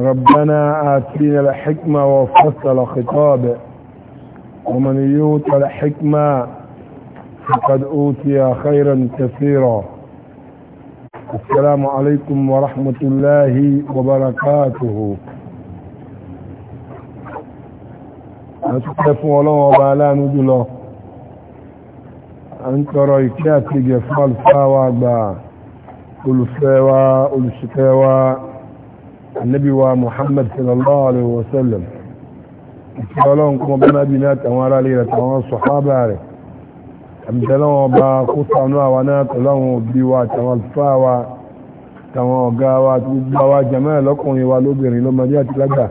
ربنا آتينا الحكمة وفصل خطابه ومن يوت الحكمة فقد أوتي خيرا كثيرا السلام عليكم ورحمة الله وبركاته أتكفوا الله وبعلا نجله أنت رأيكاتي جفال فاوى با قل فاوى قل شكاوى annabi wa muhammad sallallahu alaihi wasallam ìṣọ́lọ́n kuma bá nábi náà tàwọn ará lè tàwọn sọ̀hábà rẹ̀ àmìtẹ́lọ́wọ́ bá kó sànú àwa náà tọ́lọ́wọ́ bí wa tàwọn alfáà wa tàwọn ọ̀gá wa tó gbá wa jẹ́mọ́ ẹ̀lọ́kùnrin wa lóbìnrin lọ́mọdé àti lágbà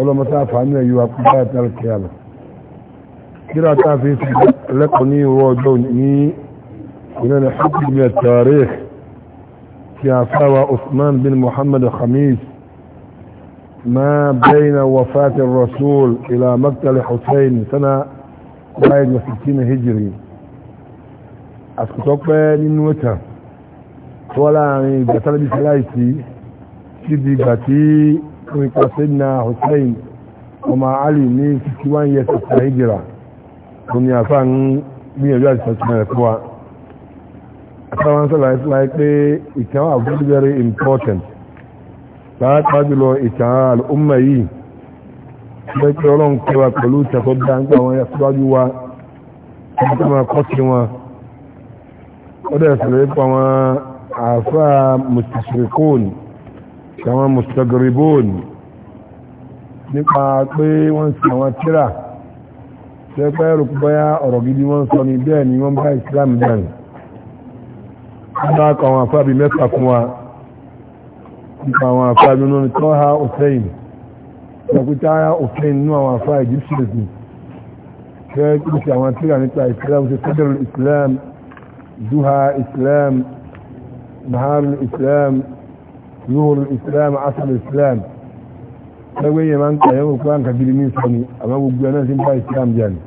ọlọ́mọta àfààní ẹ̀yọ akúgbà àtàlùkẹ́ àlọ́ kíra táà fi lẹ́kọ̀ọ́ ní ìwọ́ ọjọ́ ní ìrẹ́lẹ̀ ti àfáwà usman bin muhammad khamis ما بين وفاة الرسول الى مقتل حسين سنة 61 هجري اسكتوكبه نينو وتا ولا ني بتل بي سلايتي سيدي باتي ويقاسنا حسين وما علي ني 61 يسر هجرة دنيا فان بيجوا سنة كوا àtàwọn sọ́lá ìsìláì pé ìtàn are very very important pàápàá jùlọ ìtàn al'umma yìí ṣe kí ọlọ́run kẹwàá pẹ̀lú ìtàkọ́ dáńgbà wọn yà síwájú wa ọdún máa kọ́ sí wọn ó dẹ̀ sọ̀rọ̀ ipa wọn àfà mùsùlùmí àwọn mùsùlùmí nípa pé wọ́n sì àwọn tíra ṣe pẹ́ rò pé ọ̀rọ̀ gidi wọ́n sọ ní bẹ́ẹ̀ ni wọ́n bá ìsìlámù bẹ́ẹ̀ ọ̀nà akọ̀ àwọn àfáàbí mẹ́fà kún wa nípa àwọn àfáàbí náà tó ha òfẹ́yìn ìpàkútà ha òfẹ́yìn nínú àwọn àfáà egyptians ni fẹ́ kí sí àwọn tíra nípa islam ṣe federal islam duha islam nahar islam zuhur islam asal islam lẹ́gbẹ́ yẹn máa ń kàyẹ́ òkú àǹkà gidi ní ìsọ́ni àmọ́ gbogbo ẹ̀nà sí ń bá islam jẹ́ ni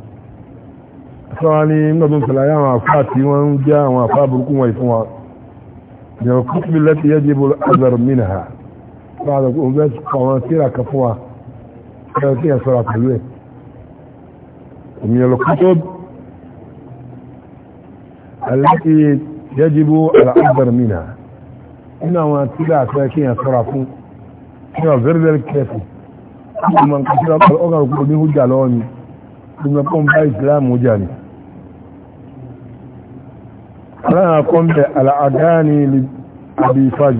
sọ́wọ́n ní ń gbọ́dún tẹ̀lé àwọn àfáà tí wọ́n ń jẹ́ àwọn àfáà burúkú wọn ìfún wọn من الكتب التي يجب الأذر منها بعد أمبات قوانسيرة كفوة فيها صلاة الليل. ومن الكتب التي يجب الأذر منها إنما تلا ساكين صرفون كما غير ذلك كافي من كثير الأغر قلبه جالوني ثم قم بإسلام وجاني rana kwanbe al'adani abifaj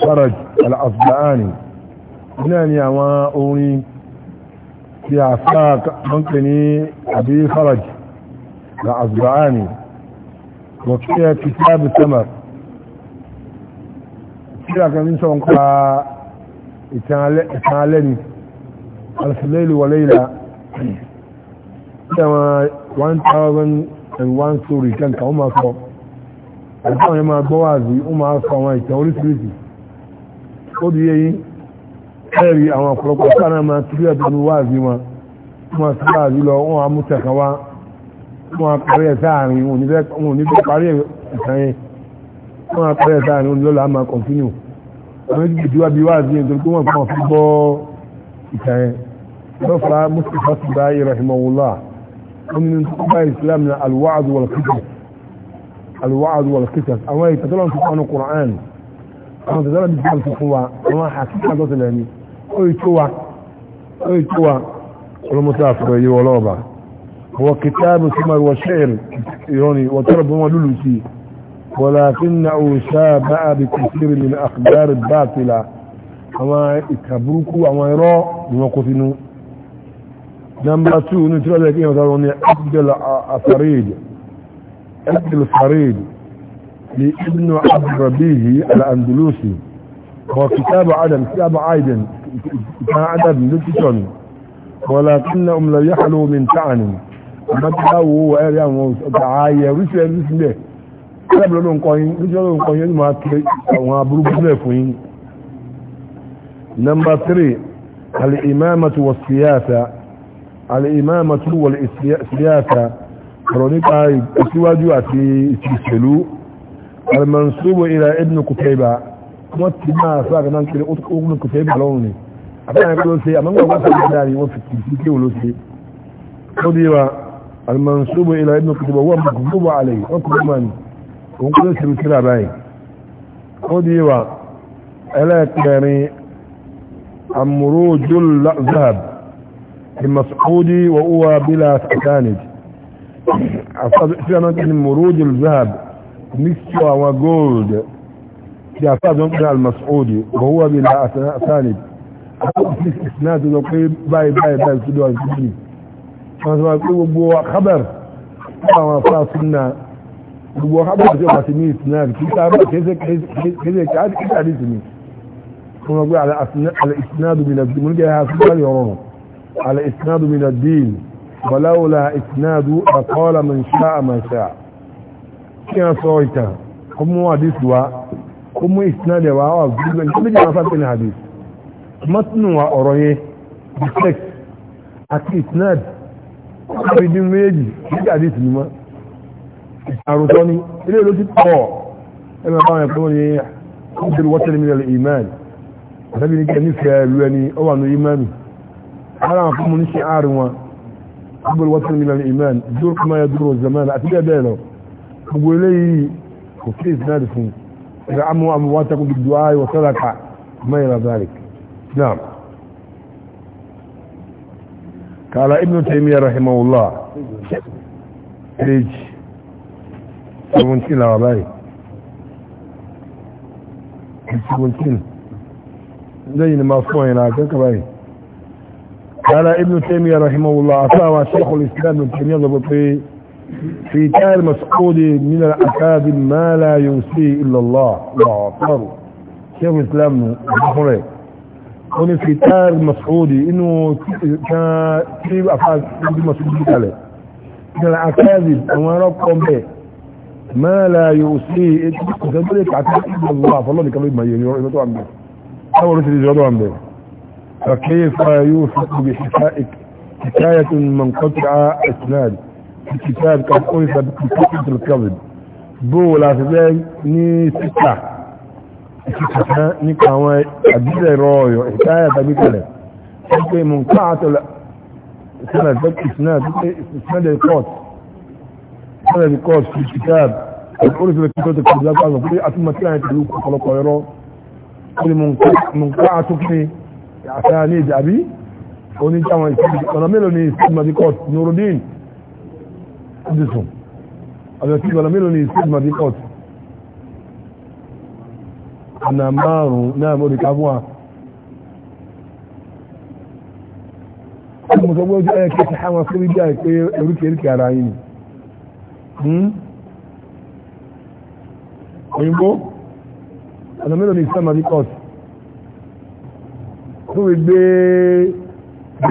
faraj al'asba'ani ina ni àwọn orin tí a sa kankan ni abifaraj al'asba'ani wakilya kitabu tamar kira kan nisa wanka itan alẹ́ni alfilailu wa laila 1000 ẹ̀rù wá ń sórí kẹ́ǹkà ó máa sọ àti àwọn ẹ̀mà gbọ́wàzí ó máa sọ àwọn ìtàn oríṣiríṣi ó di yẹyìn ẹ̀rí àwọn ọ̀pọ̀lọpọ̀ sára máa tí ẹ̀ pẹ̀lú wáàzí wọn ó máa sí wáàzí lọ wọn á mú tẹ̀kàn wá wọn á ẹ̀ sáàrin wọn lọ́la máa kọ̀ntínú àwọn méjì tí wá bí wáàzí yẹn torí pé wọn kàn fi yẹn lọ́fà mustapha ومن انتقاء إسلامنا الوعد والقتل الوعد والقتل أولا يتطلعون سبحانه القرآن أما تطلع في سبحانه وما حكيم حدث لأني أي توا أي توا المسافر يولوبا هو كتاب ثمر وشعر يوني وترب ولولوسي ولكن شابع بكثير من أخبار الباطلة أما يتبركوا أما يرى بما قتلوا نمبر 2 نترى لك ايه وضعوني عبد الفريد عبد الفريد لابن عبد ربيه الاندلسي وكتاب عدم كتاب عايدن كان عدم للتشون ولكنهم لا يحلوا من تعن ما تلاوه وقال تعايا رسل رسل له كلاب لهم قوين رسل لهم قوين ما تلاوه وابرو نمبر 3 الامامة والسياسة الإمامة والسياسة رونيكا سواجو أتي سلو المنصوب إلى ابن كتيبة مطمع ساق ننكر ابن كتيبة لوني أبنى يقولون سي أمام وقت الداري وفي التنسيكي سي قديوا المنصوب إلى ابن كتيبة هو مكذوب عليه وكمان ونقول سي بسرع باي قديوا ألا كاني أمرو جل ذهب لمسعود وهو بلا سكاند فينا من مروج الذهب ميكسوا وجولد في أفاد من المسعود وهو بلا سكاند في إسناد لقي باي باي باي كدوا الجبني فأنا أقول خبر فأنا فاصلنا gbogbo ọ̀hábọ̀ àti ọ̀pàá ti ní ìsináàrí kí sáàbà kéèkéé káàdì ìsináàrí ti ní fún ọgbẹ́ àti ìsináàrí mi nà bí ha sí báyìí ọ̀rọ̀ على إسناد من الدين ولولا إسناد أقال من شاء ما شاء كيف صويتا كم حديث دواء كم إسناد دواء كم جاء فات من حديث متن وأريه بسك أكي إسناد بدين ميجي كيف حديث لما أرسوني إليه لو تتقوى إما قام يقولون عبد الوطن من الإيمان هذا نجي نفسي يا لواني أوانو إيماني ara wọn fún mu ní ṣe àárín wọn agbèrè wọ́n tún nílẹ̀ iman dúró kí máa yẹ dúró zaman àti bẹ́ẹ̀ bẹ́ẹ̀ lọ gbogbo eléyìí kò sí ìsinádì fún ẹ̀rọ amú amú wọn tẹ́kùn bí duwa ayé wọ́n sọ́dà ká máa yẹ lazari naam kala ibnu taymiya rahimahullah page seventeen la wà báyìí seventeen lẹ́yìn ni máa fún ẹ̀yìn la akẹ́kọ̀ọ́ báyìí. قال ابن تيمية رحمه الله أصاب شيخ الإسلام ابن تيمية ضبطي في كان مسعود من الأكاد ما لا يوصي إلا الله الله أكبر شيخ الإسلام أخرى هنا في كان مسعود إنه كان كيف أفعل ابن مسعود عليه من الأكاد وما ربكم به ما لا يوصي إلا الله فالله كبير ما يريد أو رسل يجرده عن به فكيف يوثق بحكاية من قطع اسناد الكتاب قد أرث بكتابة الكذب bó la fi bẹ́ ní títà ìtìkàtà nípa àwọn àbílẹ̀ ẹ̀rọ ọ̀yọ̀ ìtayà tàbí kalẹ̀ tó pé mú ká àtọ̀lá ìsẹ́lẹ̀ tẹ́kìtì náà tó pé ìsẹ́lẹ̀ court ìsẹ́lẹ̀ court fi títà olùsọ̀rọ̀ títọ́ tó kọjú lápá àgbà pé atúmọ̀ tí àyẹ̀ tẹ̀lú ọ̀pọ̀lọpọ̀ ẹ̀rọ ó ní mú ká àtúnfẹ́ àtàrà ní ìjàbí oníjàwọn ìsìnkú ọ̀nà mélòó ni ìsìnkú madikot nurudin edison ọ̀nà ọ̀nà mélòó ni ìsìnkú madikot ọ̀nà márùn-ún náà mọ́ ìka fún wa mo sọ pé ojú ẹ̀kẹ́ ti hàn àìpé oríkèéríkèé ara yìí hmm? òyìnbó ọ̀nà mélòó ni ìsìnkú madikot tó gbé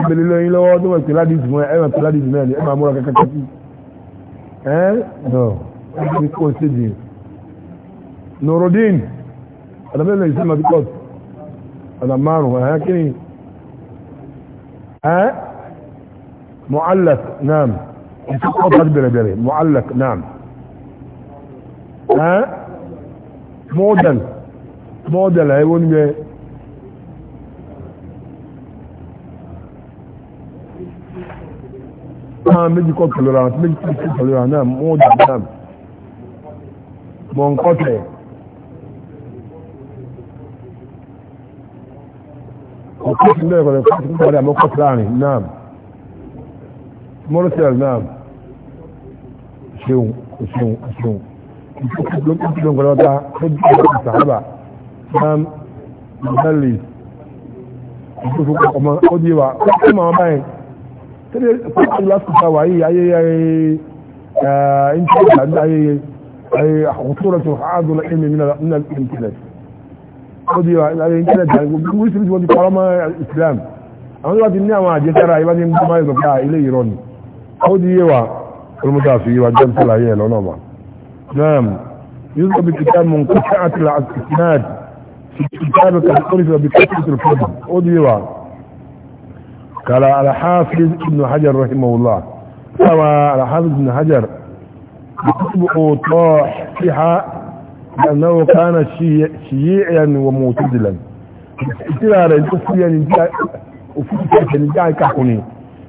gbèlè lọ́yìn lọ́wọ́ tó mọ̀ pé mọ́ ẹ̀ mọ̀ pé ládìsì múra kankan ẹ́ nọ ẹ̀ kó ṣèjì norodin àdàmẹ́lẹ̀ ìsìn mọ̀ bíkọ́t ọ̀nà ni káwọn méjì kọ́ kẹlẹ́ra àti méjì kọ́ kẹlẹ́ra náà mú òjò náà mọ̀ nǹkan tẹ̀. ọ̀pọ̀ sí ilé ìkọ̀lẹ̀ fún àtúntò padà mọ́kọ́ sí láàrin náà mọ́rọ́sẹ̀l náà ṣeun ṣeun ṣeun ìtòkùnkùn gbọ́dọ̀ta ó jẹ́ ìgbà sàábà náà mọ̀sẹ̀lì ìtòkùnkùn ọmọ ó jẹ́ wa ó kọ́ mọ̀ báyìí tẹ́lẹ̀ pàtàkì lásìkò wà yìí ayé ayé ayé ayé àkùtúrọ̀ tó hàádùn ẹ̀mí nínú ìntẹ́lẹ̀tì ó di ayé ìntẹ́lẹ̀tì oríṣiríṣi wọ́n ti pàrọ̀ mọ́ Islam àwọn ìwádìí ní àwọn àjẹsára ìwádìí ń gbọ́ máa ń gbà ah, ilé ìrọ̀ ni ó di yé wa olùmọ́ta fi yé wa jẹ́ ìtẹ́lẹ̀ ayé ẹ̀ lọ́nà ọ̀bà náà يذكر بالكتاب منقطعة الاسناد في كتابك الطرف بكثرة الفضل وديوا قال على حافظ ابن حجر رحمه الله كما على حافظ ابن حجر يطبق طاحها لأنه كان شيعيا ومعتدلا اتلا رجل وفي نجاع كحكني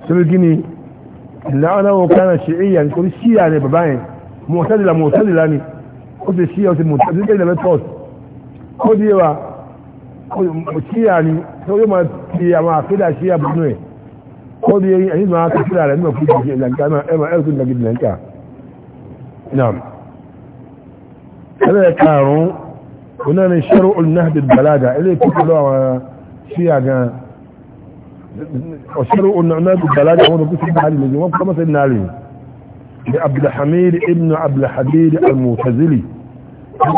سبقني لأنه كان شيعيا يقول الشيعة لبابين معتدلا معتدلا قلت الشيعة ومعتدلا إلى بيتوس قلت يوا الشيعة يعني سوى ما في عقيدة الشيعة بنوه ko da yayi ayi ma ka kira da nuna kuɗi ke lanka na ema el sun nagid lanka na'am kada ya karo kuna ne sharu'ul nahd al balada ile ku kula wa shiya ga o sharu'ul nahd al balada wanda ku sun hali ne kuma sai nari da abdul hamid ibn abdul habib al mutazili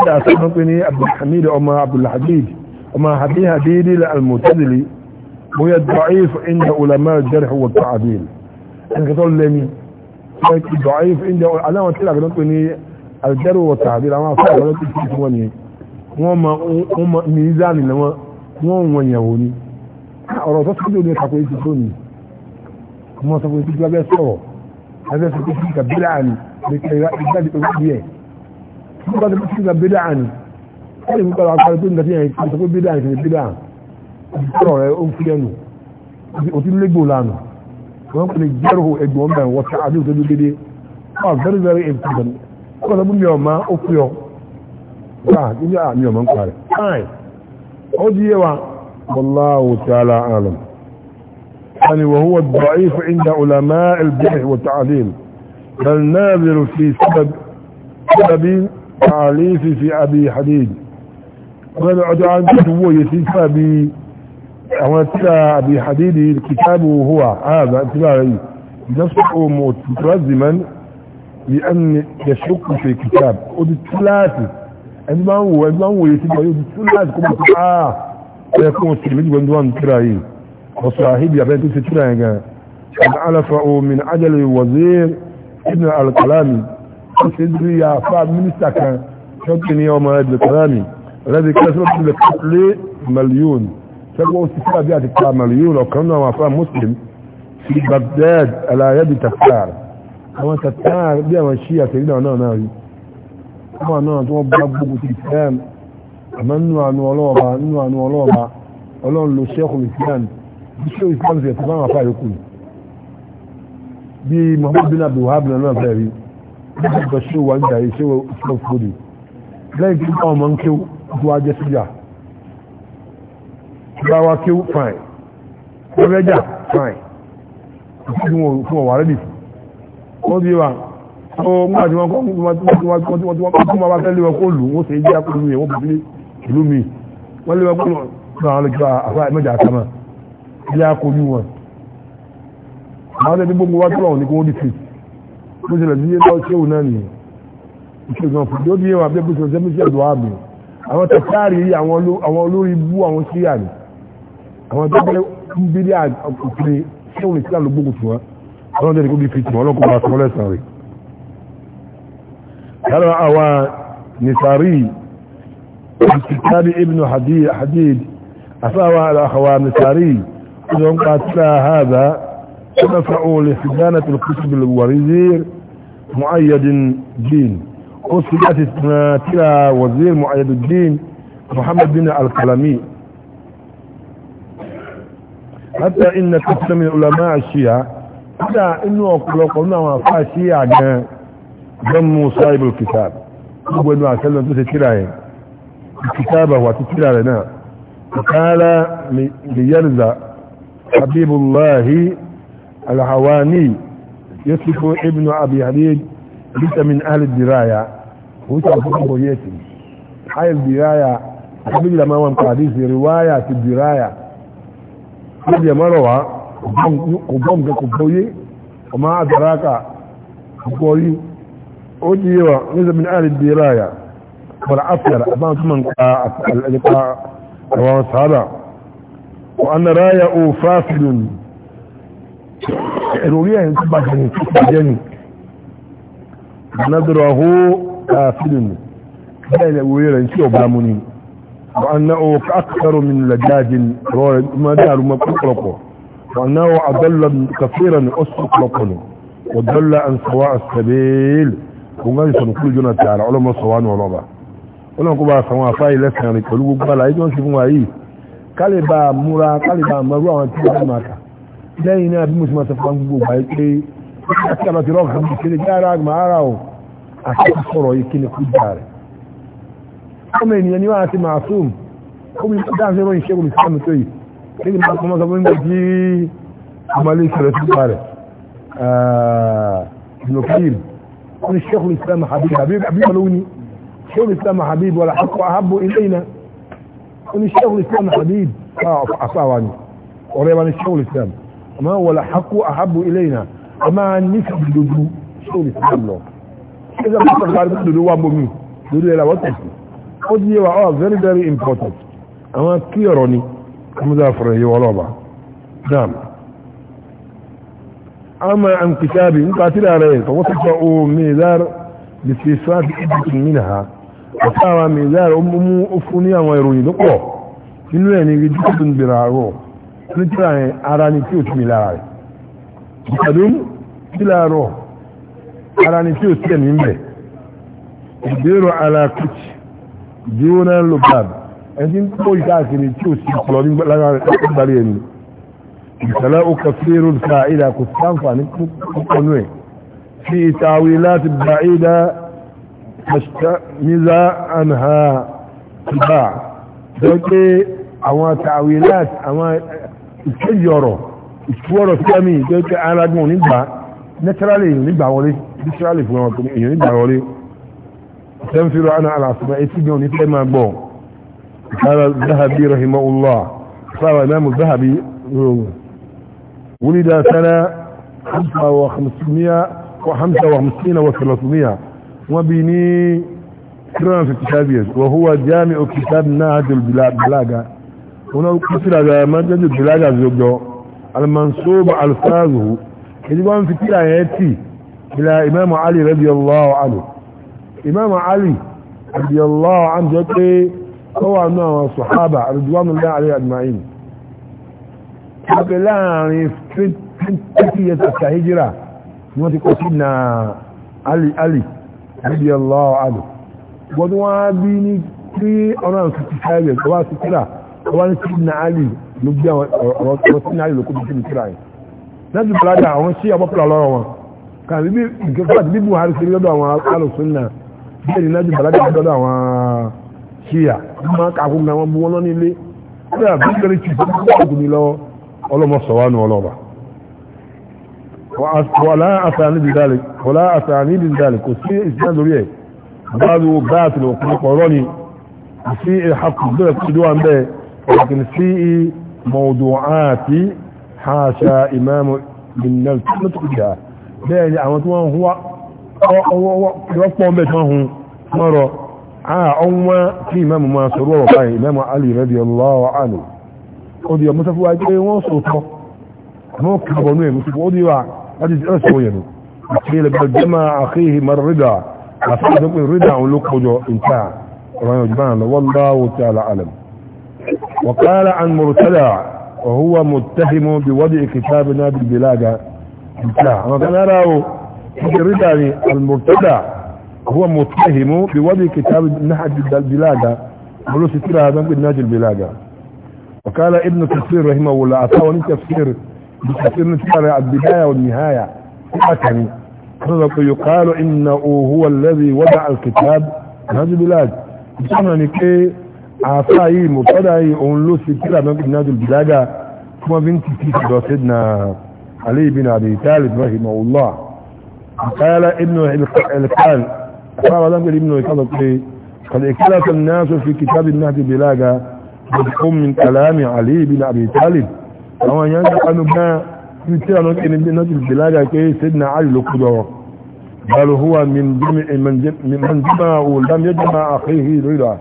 da sahabini abdul hamid umma abdul habib umma habib al mutazili وهي الضعيف عند علماء الجرح والتعديل ان كتول لمي ضعيف عند علامة تلك نقول الجرح والتعديل اما فعلا ولا تكتب وني وما وما ميزان لما وما يهوني ọ̀rọ̀ tó tọ́jú ní ìtàkùn ìsì tó ní ọmọ sọ fún ìtìjú abẹ́ sọ̀rọ̀ abẹ́ sọ fún ìtìjú abẹ́lá àní ìgbàdì pẹ̀lú ìyẹ́ ìgbàdì pẹ̀lú ìtìjú abẹ́lá àní ẹ̀rì mú pẹ̀lú àkàrí tó ń dàtí ẹ̀yìn tó sọ fún bídà àti bídà àní ìtọ́rọ̀ rẹ̀ ó fi ẹnu ó ti légbò lánà wọ́n kò lè jẹ́rò ẹgbọ́n mẹ́rin wọ́n ti àdéhùn tó dédé oh very very important ó lọ mú mi ọ̀ma ó fi ọ náà níbi àmì ọ̀ma ń pa rẹ̀ fine ó di yé wa wallahu ta'ala alam يعني وهو الضعيف عند علماء الجرح والتعليل بل ناظر في سبب سبب تعليف في أبي حديد وقد عدعان تدوية في سبب àwọn tíra àbí hadidi kìtàbù huwa ààbà tíra rẹ̀ nafsuhu mutaraziman bí an yashukku fi kitab ó di túláàtì ẹni máa ń wò ẹni máa ń wòye síbi ọyọ́ di túláàtì kó máa tó áà ó yẹ kó wọn tìrì méjì gbọ́ndọ́ wọn tíra yìí ọ̀sọ̀ àhíbi àbẹ́ tó ṣe tíra تقوى استفاء بيات التعمليون لو كانوا وفاء مسلم في بغداد على يد تفتار اما تفتار بيا وشيئة تريد انا ناوي اما انا تو بابو تسلام اما انو انو ولوبا انو انو ولوبا ولون لو شيخ الاسلام بشو الاسلام في اتفاق وفاء يكون بي محمد بن عبد الوهاب لنا فاري بشو وانجا يشو اسلام فودي لكن اما انكو اتواجه سجاه ìgbàwà kí ó fine ọlẹ́jà fine fún ọ̀wà rẹ̀ nìfún wọ́n bí wà ó múra tí wọ́n kọ́ fún ọmọ fẹ́ léwọ́ kó lù wọ́n sì jẹ́ àkókò yẹn wọ́n bùbí ìlú mi wọ́n léwọ́ kó lọ àwọn olùkọ́ àfá ìmọ̀jà àkàmà jẹ́ àkójú wọn àwọn ẹni gbogbo wá tó lọ́wọ́ ní kí wọ́n dì sí bó ṣe lẹ̀ sí ilé ọ̀ṣẹ́ òun náà nìyẹn ìṣègùn ọ̀fọ̀ tó bí wọn àbẹ́bùsọ̀ sẹ́mísẹ̀ dùn ààbò àwọn tẹ̀sáàrí àwọn olórí bú àwọn síríà ni àwọn jẹ́gbẹ́ ń bí ní àkùnrin tí wọ́n lè sí àlọ́ gbogbo tiwọn ọlọ́run jẹ́ ní kóbi fi tiwọn ọlọ́kùnrin àti ọlọ́ ẹ̀sán rẹ̀ yàrá àwọn nìsàrí ìsìkárí ibn hadid àtàwọn àlàkàwà nìsàrí ìjọ ń pa tíra hàdá ونفعوا لحجانة الكتب الوزير مؤيد الدين أسلت تلا وزير مؤيد الدين محمد بن القلمي حتى إن كثير من علماء الشيعة حتى إنه أقول ما فا الشيعة جمو صاحب الكتاب أبو إنه أسلم تسكره الكتابة وتسكره لنا فقال ليرزى حبيب الله العواني يصف ابن أبي حبيب ليس من أهل الدراية هو ويتعرفه يتم حي الدراية حبيب لما هو مقاديس رواية الدراية níbi ẹ̀mọ́rọ̀ wá kò gbọ́ nǹkan kò gbọ́ yé ọmọ àdàrákà gbọ́ yí ó ti yé wa ní sẹ́mi ní àrí dèrè àyà wọ́n afẹ́rẹ́ àbáwọn tó máa ń pa àlẹ́pa àwọn sábà na ráyà ó fásilù ní ẹ̀yìn tó bàjẹ́ ní tó bàjẹ́ ní nàdọ̀rọ̀ hó fásilù bẹ́ẹ̀ ni ìwé rẹ̀ ń tí ọ̀bá mú ni وأنه أكثر من لجاج ما دار ما أطلقه وأنه أضل كثيرا أطلقه وضل عن سواء السبيل وقال سنقول جنة تعالى علماء صوان ولوبا ولن كبا سواء فاي لسنا نقلوا بلا يجون شفوا أي كالبا مورا كالبا مروا وانتبه ماكا lẹ́yìn náà bí mo ṣe máa sọ fún gbogbo àyè pé akẹ́kọ̀ọ́ ti rọ́ọ̀kì àmì ìṣẹ́lẹ̀ jára àgbà ara ọmọ ènìyàn ni wọ́n àti màásùm omi dáhùn ẹ̀rọ ìṣẹ́gun ìsìlámù tó yìí kí ni máa kọ́ mọ́sọ́ fún ìgbàjí àmàlẹ́ ìṣẹ̀lẹ̀ sí pa rẹ̀ ìlòkìyìn wọ́n ni ṣẹ́kùn ìsìlámù habib habib olówó ni ṣẹ́kùn ìsìlámù habib wọ́n àkọ́ àhábò ilé iná wọ́n ni ṣẹ́kùn ìsìlámù habib àfáwà ni ọ̀rẹ́ wa ni ṣẹ́kùn ìsìlámù àmọ́ wọ́n àkọ́ àhábò ilé iná àmọ́ nífẹ̀ẹ́ dodo ṣẹ́kùn ìsìlámù lọ ṣẹ́kùn ìsìlámù lórí ẹ̀ làwọn tẹ̀sí ó di yé wa ọ oh, very very important àwọn kí ọ̀rọ̀ ni kọmọdé àfọ̀rọ̀ yìí wọ́n lọ́ba dam ama an kitabi nípa tí ra rẹ̀ tọwọ́ tó sọ o mezar lè fi sáàtì ìdíkùn nínú ha ọ̀tá wa mezar ó mú fún ní àwọn ìròyìn tó pọ̀ nínú ẹ̀ ní ibi tó ń gbèrà rọ̀ ní tí ra yẹn ara ni tí ò tún mi lára rẹ̀ ìpàdún tí ra rọ̀ ara ni tí ò tún ẹ̀ ní bẹ̀ ìgbérò ara jóná lobab ẹni tí ń kó ìkáàkiri tí ó sì kọlọ ní lágbàrí ẹni ìṣẹ̀lẹ̀ ó kà sí rúd ká ìdá kò sí àǹfààní púpọ̀ nú ẹ̀ fi ìtàwí láti bá ìdá míza àǹhà bá jọ pé àwọn àtàwí láti àwọn ìkéjì ọ̀rọ̀ ìtúwọ̀rọ̀ sí ẹ̀mí jọ pé arágún nígbà nẹ́tírálì nígbà wọlé nẹ́tírálì fún ọmọkùnrin èèyàn nígbà wọlé تنفر عن على عصماء سجون إتما بو قال الذهبي رحمه الله صار إمام الذهبي ولد سنة خمسة 55 و300 وبني كرام في كتابه وهو جامع كتاب نهج البلاغة هنا قصر على منهج البلاغة زوجه المنصوب على ألفاظه يجب أن فكرة يأتي إلى إمام علي رضي الله عنه imam ali radiyallahu anhu jẹ́ pé ó wà ní àwọn sọ̀hábà radiyallahu alayhi ajma'in lábẹ́ láàrin 20 years after hijira ni wọ́n ti kọ́ sí na ali ali radiyallahu anhu wọ́n wá bí ní 355 years wá sí kíra wọ́n sí na ali ló gbé àwọn ọ̀rọ̀ sí na ali ló kó bí sí kíra yìí lẹ́sìn bùrádà àwọn sí ọ̀pọ̀pọ̀ lọ́rọ̀ wọn kàbí bí buhari sí lọ́dọ̀ àwọn alùsùn náà bẹ́ẹ̀ ni lájú bàlájú àdọ́dọ̀ àwọn ṣíyà wọ́n máa kà fún àwọn bú wọn lọ nílé wọ́n yà bí kẹrì tì fún ọkùn mi lọ ọlọ́mọ sọ̀wánu ọlọ́ba wọ́lá àṣàní bí dálẹ̀ kò sí ìsinmi lórí ẹ̀ báwo gáàsì lọ kún ọ̀rọ̀ ni kò sí ìhàkù bẹ́ẹ̀ kú ìdíwà ń bẹ́ẹ̀ ọ̀kìn sí mọ̀ọ́dọ̀ àti haṣa ìmáàmù bin nal tó tó kìí ọwọ́ pọ̀ mẹ́tọ́ hun mọ́rọ̀ ọwọ́ tí ìmẹ́mù máa sọ̀rọ̀ ọ̀rọ̀ báyìí ìmẹ́mù alì radiyallahu anhu ó di ọmọ sọ́fún wájú wọ́n sọ̀tọ́ mọ́ kàbọ̀nú ẹ̀ mọ́sọ̀fún ó di wà láti ti ẹ̀sọ̀ wọ̀nyẹ̀ nù àkílẹ̀ bẹ̀rẹ̀ jẹ́mà àkíhì mara rídà àti ìdọ́pin rídà àwọn olókojọ ìta ọ̀rọ̀ ìjọba náà wallahu ta'ala alam وقال عن مرتدع وهو متهم بوضع كتابنا بالبلاغة انتهى انا كان اراه الرداني المرتدى هو متهم بوضع كتاب نهج البلاغة بلو ستير هذا من نهج البلاغة وقال ابن كثير رحمه الله أطاوى من تفسير بكثير نتفر البداية والنهاية حكمي يقال إنه هو الذي وضع الكتاب نهج البلاد بسمعني كي عصائي مرتدعي أنلو ستير هذا من نهج البلاغة ثم بنتي كيف سيدنا علي بن أبي طالب رحمه الله قال ابن الكال قال لم يقل ابن الكال قد اكلت الناس في كتاب النهد بلاغا بدكم من كلام علي بن ابي طالب àwọn èèyàn dákanú gan tí tí àwọn kí ní bí náà ti bìlága pé sídìnà àrí ló kújọ balùhúwa mìíjìmá òlám yẹ́ jẹ́mà àkíhì rírà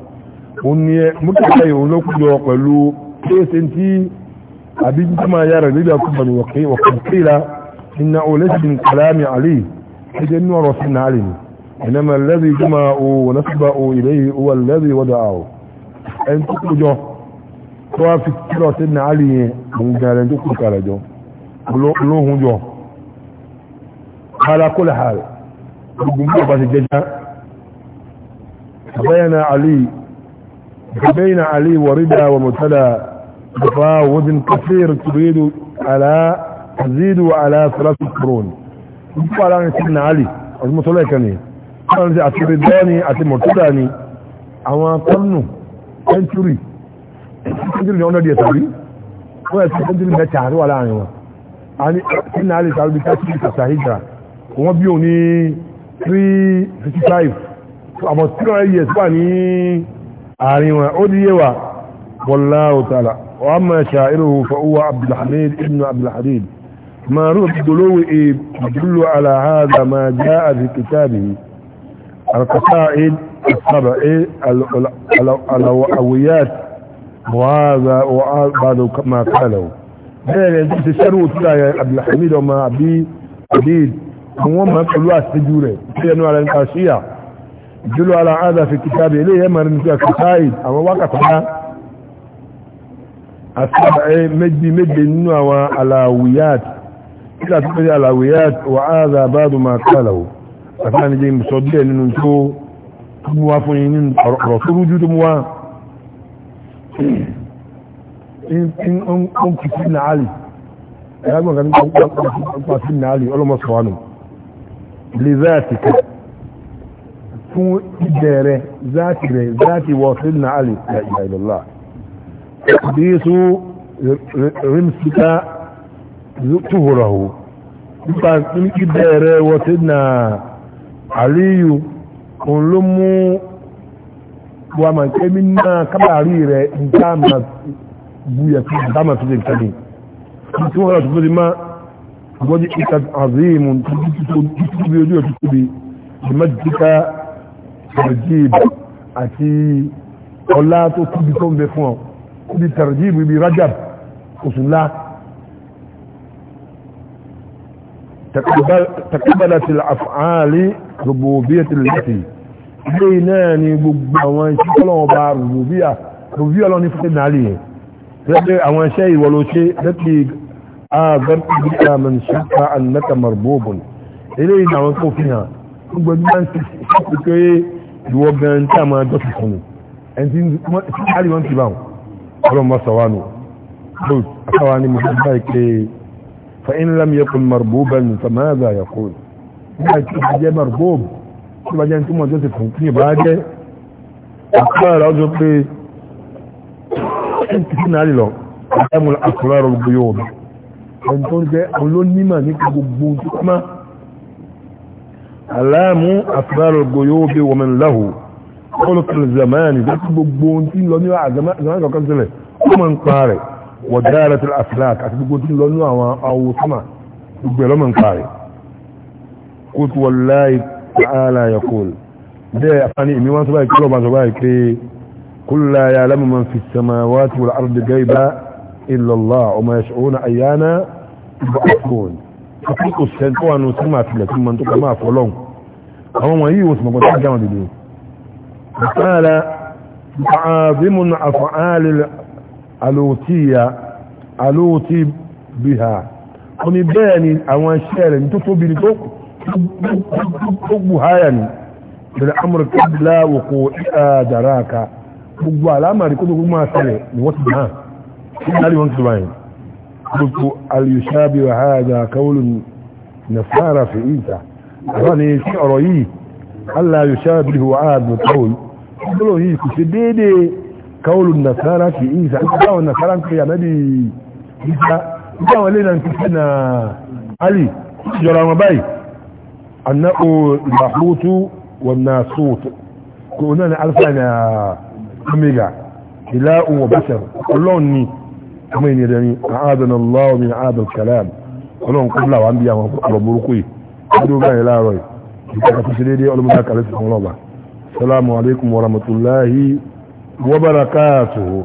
o ní ẹ múkẹ́kẹ́ ìhun ló kújọ pẹ̀lú kéèsì tí àbíjímá yára rírà kújọ wọ̀kẹ́kẹ́ra iná olẹ́sìn kalami àríyìí حجن وروحنا علم انما الذي جمعوا ونسبوا اليه هو الذي ودعوا أن تقولوا تو في كيلو سيدنا علي من قال انت كنت على جو لو هو جو على كل حال بجمع بس جدا بين علي بين علي وردا ومتلا تفاوض كثير تريد على تزيد على ثلاث قرون ìdúpọ̀ alárin sí nàálì ọ̀sùmọ̀sọ́lá ìkan ni wọ́n ti àti bẹ́ẹ̀ ni àti mọ̀túdà ni àwọn kọ́nù sẹ́ńtúrì sẹ́ńtúrì ní ọ̀nà díẹ̀ tàbí wọ́n ẹ̀sìn sẹ́ńtúrì mẹ́ta àríwá láàrin wọn a ní sí nàálì tàbí bí káàkiri kàtà hijra wọ́n bí òní 355 àmọ́ 300 years wà ní àárín wọn ó di yé wa wallahu ta'ala wa amma sha'iruhu Abdulhamid ibn Abdulhadid معروف دلو ايه يدل على هذا ما جاء في كتابه القصائد السبع الاويات وهذا بعد ما قاله تسروا تلا يا عبد الحميد وما أبي عبيد وما كلوا استجورة كانوا على القاسية يدل على هذا في كتابه ليه ما نمسك القصائد اما وقتها السبع مجدي مجدي نوع على ويات إلا تقضي الأويات وعاذا بعض ما قاله أفعني جاي مصدية لننتو موافنين رسول وجود موا إن إن أم كتبنا علي يا أبو كان كتبنا علي ولا ما صوانم لذاتك fún ìbẹ̀rẹ̀ záti rẹ̀ záti wọ̀sí na alì la ilaha illallah bí i su rímsíká tuhurahu nípa níbi bẹ̀rẹ̀ wọ́tí na àríyù òun ló mú wa ma ṣe mi náà kábàárí rẹ̀ nǹkan àmà búyẹ̀ fún nǹkan àmà tó lè kẹ́lẹ̀ tí wọ́n rà tó lè má gbọ́dí ìta àzíìmù tóbi ojú ẹ̀ tóbi ìmọ̀jíká tarjib àti ọlá tó tóbi tó ń bẹ fún ọ tóbi tarjib ibi rajab oṣù láà تقبلت الأفعال ربوبية التي بيناني بقوان شكلهم بربوبية ربوبية لو نفتن عليه تبقى عوان شيء ولو شيء تبقى آذرت بك من شك أنك مربوب إلينا وانكو فيها gbogbo ẹgbẹ́ ń ti ṣọ́pù pé ìwọ gan tí a máa jọ́sì fún mi ẹni tí wọ́n ti bá wọn ọlọ́mọ sọ̀wánù àtàwà ni mo ti bá ìpè فإن لم يكن مربوبا فماذا يقول جاء مربوب شو جاء انتم وجدت فهمتني بعد أقرار أجب انت كنا لي لو أقام الأسرار البيوض انتون جاء أولون نما نكا ببون تكما ألام أسرار البيوض ومن له قلت الزمان ذات ببون تين لوني وعزمان زمان كنت ومن قارئ wọ̀dára tó afilak àti gbogbo tí lọ́nú àwọn awo sama gbogbo ẹ̀lọ́mọ̀ ń kààrẹ̀ kó tó wọ láì tààlà yà kó bẹ́ẹ̀ afáni ìmí wọn sọ́bàá ìkọlọ̀ bá sọ́bàá ìpé kúlá ya lámùmọ̀ fi sama wá ti wọ́n ardi gaiba illallah ọmọ ya ṣòro na ayyana bá akọ́n akwai kò sẹ́ tó wọnú sí máa tilẹ̀ tún mọ́ tó kọ́ máa fọlọ́n àwọn wọn alóòtíyà alóòtí bìhà ó ní bẹ́ẹ̀ ni àwọn iṣẹ́ rẹ̀ ní tó tóbi ní tó gbù háyà ní ìrẹ̀ amurka láwòkó ìdára aka gbogbo alámàrí kó tó gbogbo máa sẹ̀rẹ̀ ni wọ́n ti dùn hàn kí ní àríwọ̀n ti báyìí gbogbo alìṣàbí wà háyà kawulu na fara fi ìta àwọn ni sí ọ̀rọ̀ yìí allah yóò wà háyà kawulu gbogbo yìí kò sí déédéé kawulu nasara fi isa ita wa nasara ń pè ànábì isa ita wa lè na ń pè na ali jọra wọn báyìí annahu lahutu wa nasut ko na ni alfa na omega ila wa bashar ọlọ́run ni kuma ni dani a'adana allah min aadal kalam ọlọ́run ko la wa nbiya wọn ọ̀rọ̀ burúkú yìí ila roy ki ka fi dede ọlọ́run ka kale ti ba assalamu alaikum wa rahmatullahi وبركاته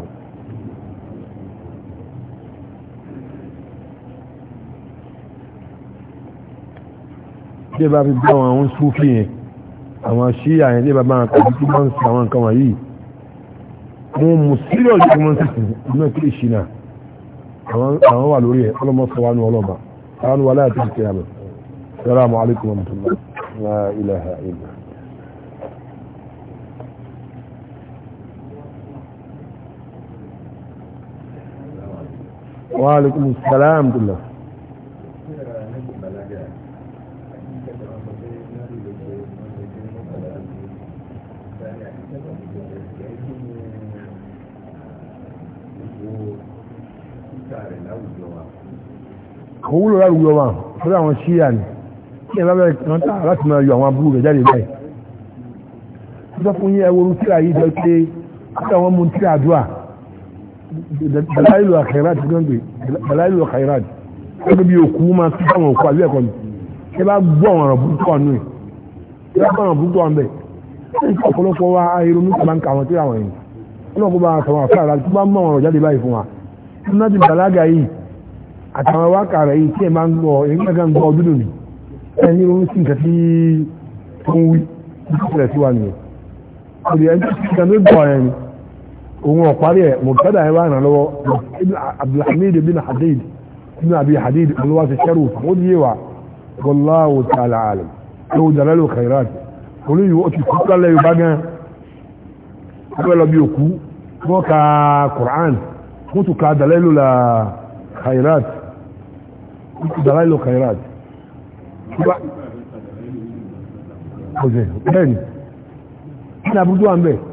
dé bá fi dáwọn àwọn súnfì yẹn àwọn ṣíyà yẹn dé bá bá àkàbí tí wọ́n ń sin àwọn nǹkan wọ̀nyí wọn mú síríọ̀ jù wọn sì sìn inú ìpínlẹ̀ ìṣìnà àwọn wà lórí ẹ̀ ọlọ́mọ sọ wánú ọlọ́ba sọ wánú wà láyàtọ̀ ìṣẹ̀yàmẹ̀ salamu alaikum wa rahmatullah la ilaha illa wa alaikum salam dùlọ. kò wúlò láwùjọ wa fúnra àwọn ṣíyà ni kí ẹ bá bẹ̀rẹ̀ kan tá láti máa yọ àwọn abúrú rẹ̀ jáde báyìí ó sọ fún tíra yìí jẹ́ pé kí àwọn mú tíra dùà dalailu akairat gbọ́ngbé dalailu akairat gbọ́ngbé bí òkú máa tún fáwọn òkú àbí ẹ̀kọ́ ni ẹ bá gbọ́ àwọn ọ̀rọ̀ burúkú ọ̀nù ẹ̀ ẹ bá gbọ́ àwọn burúkú ọ̀nù bẹ̀ ẹ ń ọ̀pọ̀lọpọ̀ wa ayélujú tó bá ń ka àwọn tí àwọn yìí ọlọ́pọ̀ bá àtàwọn àfẹ́ àrà tó bá mọ ọ̀rọ̀ jáde báyìí fún wa iná ti bàlágà yìí àtàwọn wákà rẹ̀ yìí tí ẹ máa ń gbọ́ ẹ gbàgbà ń gbọ́ ọdún lónìí ẹ ní ronú sí nǹkan tí ó ń wí ó ti wa nìyẹn. ọ̀dẹ̀ ẹni tó ti gbà ló gbọ́ ọ̀rẹ́ ni òun ọ̀parí ẹ̀ mọ̀tẹ́dà ẹ̀ wá ìrànlọ́wọ́ abdulhamid bin hadid bin abi hadid olúwa ti ṣẹ́rù fún yé wa gọláwò tààlà àlè ló jàlẹ́lò kairat olóyìnbó ó ti kú kálẹ̀ yorùbá gan abẹ́ lọ bí òkú wọ́n ka quran wọ́n tún ka dàlẹ́lò la kairat wọ́n tún dàlẹ́lò kairat bẹ́ẹ̀ni kí ni abúlé wà ń bẹ́ẹ̀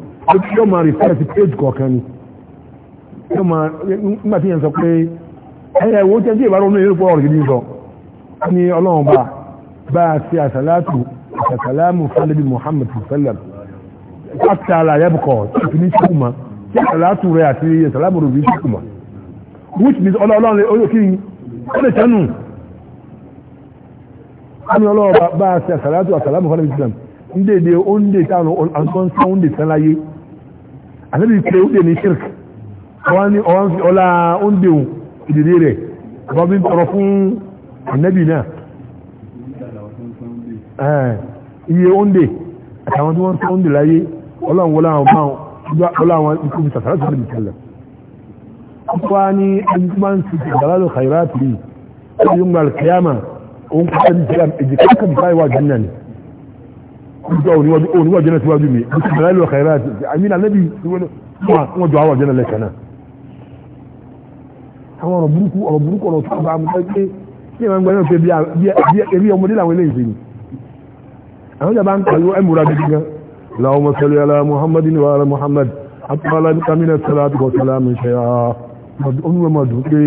yóò máa rí fẹ́ẹ̀sì péjì kọ̀ọ̀kan ni yóò máa nígbà tí yẹn sọ pé ẹ̀yà ìwò tẹ́ tí ìbára olóyè pọ̀ ọ̀rọ̀ gidi sọ ní ọlọ́run bá bá a ṣe àṣàlátù àṣàlámù fálẹ́bí Muhammad sallam láti ara ayẹ́bùkọ̀ tí ní ṣùkùmá tí àṣàlátù rẹ̀ àti àṣàlámù rẹ̀ bí ṣùkùmá which means ọlọ́run ó yóò kí ni ó lè tẹ́nu ní ọlọ́run bá a ṣe àṣàlátù àṣàlámù fálẹ́bí sallam ń dèdè ó ń dè táwọn àǹtọ́ńsá ó ń dè tẹ́láyé àtẹ́bí pé ó dè ní shirk ọwá ní ọwá ń fi ọlá oúnjẹun ìdìdí rẹ̀ ọba bí ń tọrọ fún ànẹ́bì náà iye oúnjẹ àtàwọn tí wọ́n tó oúnjẹ láyé ọlọ́run wọlá àwọn báwọn ọlá àwọn ikú fi sàtàrà sí ìlú ìtẹ́lẹ̀ wá ní ẹni tí wọ́n ti ìdàlálò kàìrá tìrì ó yóò gbà kíyàmà òun kọ́ nígbà oníwà jẹ́nà síwájú mi bí kí bẹ̀rẹ̀ lọ kàìrà àti àmìnà lẹ́bí wọ́n jọ àwọn jẹ́nà lẹ́kànnà àwọn ọ̀rọ̀ burúkú ọ̀rọ̀ burúkú ọ̀rọ̀ tó bá mú pé kí ẹ̀mọ́ gbẹ́rẹ́ pé bí ọmọdé làwọn eléyìí sí ni àwọn ìjọba ń kàlú ẹmúra gidi gan láwọn mọ̀sálẹ̀ ala muhammad ni wàhálà muhammad àtúwàlá ní kamina sọlá àti kọsọlá mi ṣe ya ah, dùn pé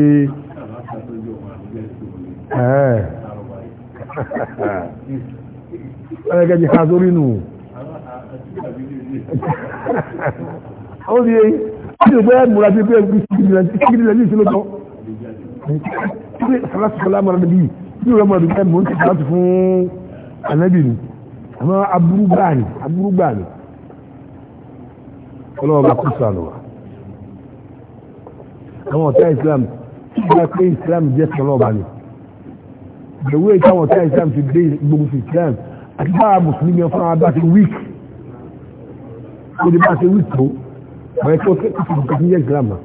ẹ̀ẹ́ ẹ̀rẹ́gẹ́ ti ha sórí nù ó di èyí ó di ìgbẹ́ múra sí pé kíkiri lẹ́yìn sí lótọ́ kíkiri sàlásìkọlá mara níbi tí ó rẹmọ ìdúgbẹ́ mọ́ sí sàlásì fún ànábì ni àmọ́ aburú gbáà ni aburú gbáà ni ọlọ́wọ́ bá kú sànù wa àwọn ọ̀tá Islam tí wọ́n pé Islam jẹ́ sọ́lọ́ọ̀bá ni the way táwọn ọ̀tá Islam ti dé gbogbo Islam àti bára mùsùlùmí yẹn fún àwọn bá ti wíìkì ó di bá ti wíìkì tó wọ́n tó kí kí kí kí yẹ gírámà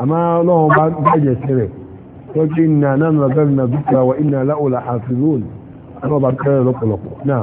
àmọ́ ọlọ́run bá bẹ́ẹ̀ sí rẹ̀ tọ́jú ìnà náà nà bẹ́ẹ̀ nà dúkìá wa ìnà aláwọ̀ làhàfin lónìí àwọn bá lọ́pọ̀lọpọ̀ náà